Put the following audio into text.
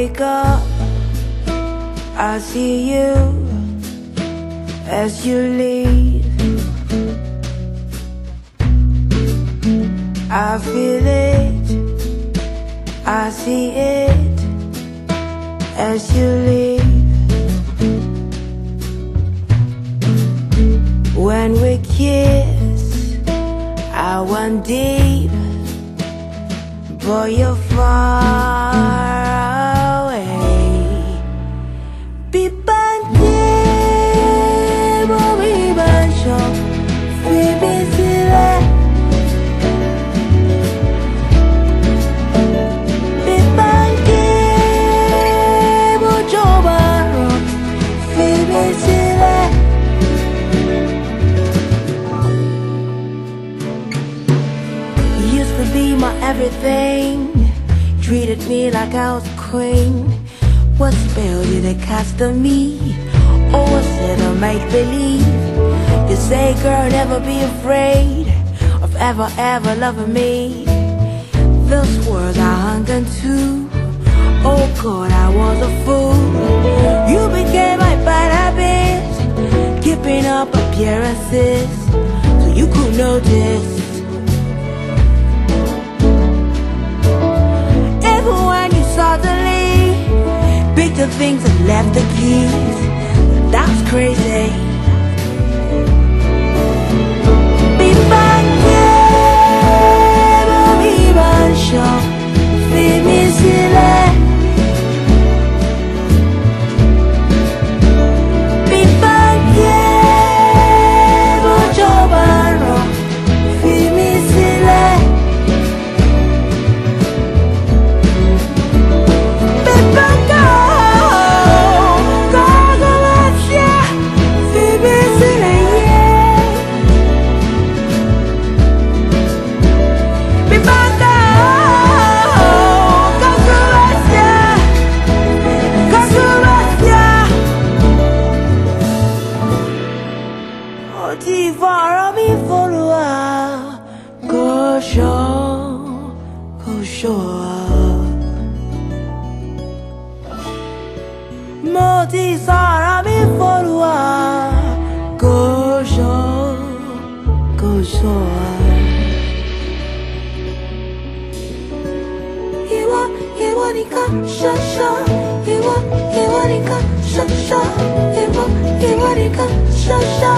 wake up I see you as you leave I feel it I see it as you leave When we kiss I want deep but you're far everything Treated me like I was a queen What spell did it cast on me? Or oh, was it a make-believe? You say, girl, never be afraid Of ever, ever loving me Those words I hung on Oh God, I was a fool You became my bad habit Keeping up appearances So you could notice the things that left the keys. That's crazy. show up 모두 사람이 포로와 고쇼 고쇼와 이와 이와니까 샤샤 이와 이와니까 샤샤 이와 이와니까 샤샤